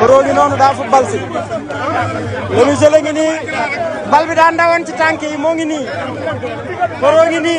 Boroo gi noonu daa football si Lamine Sélé ni nii bal bi daa ndawoon ci tànk yi moo ngi nii Boroo ngi nii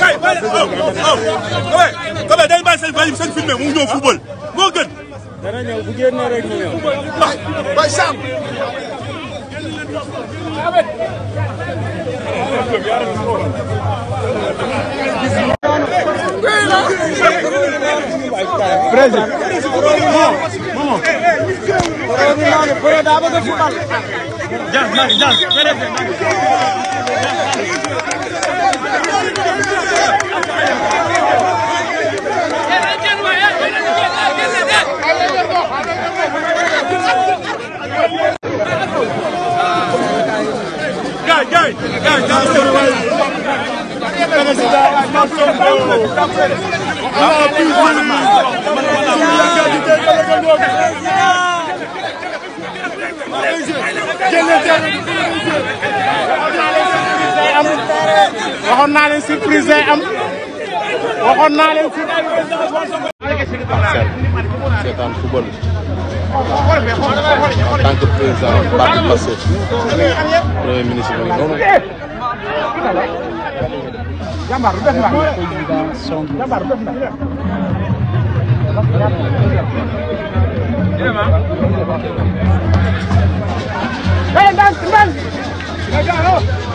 kay bàyyi aw aw Kobé day bàyyi seen bàyyi seen filmé mu ñëw football moo gën. dana ñëw bu génnee rek mu ñëw. bay bay Sam. président. non non. borom ñu naan borom daa bëgg a football. jaa jaa jaa. gaay gaay gaay waxoon naa leen surprise day am waxoon naa leen surprise seetaan football en tant que président parti Pastef premier ministre bi noonu président Sonko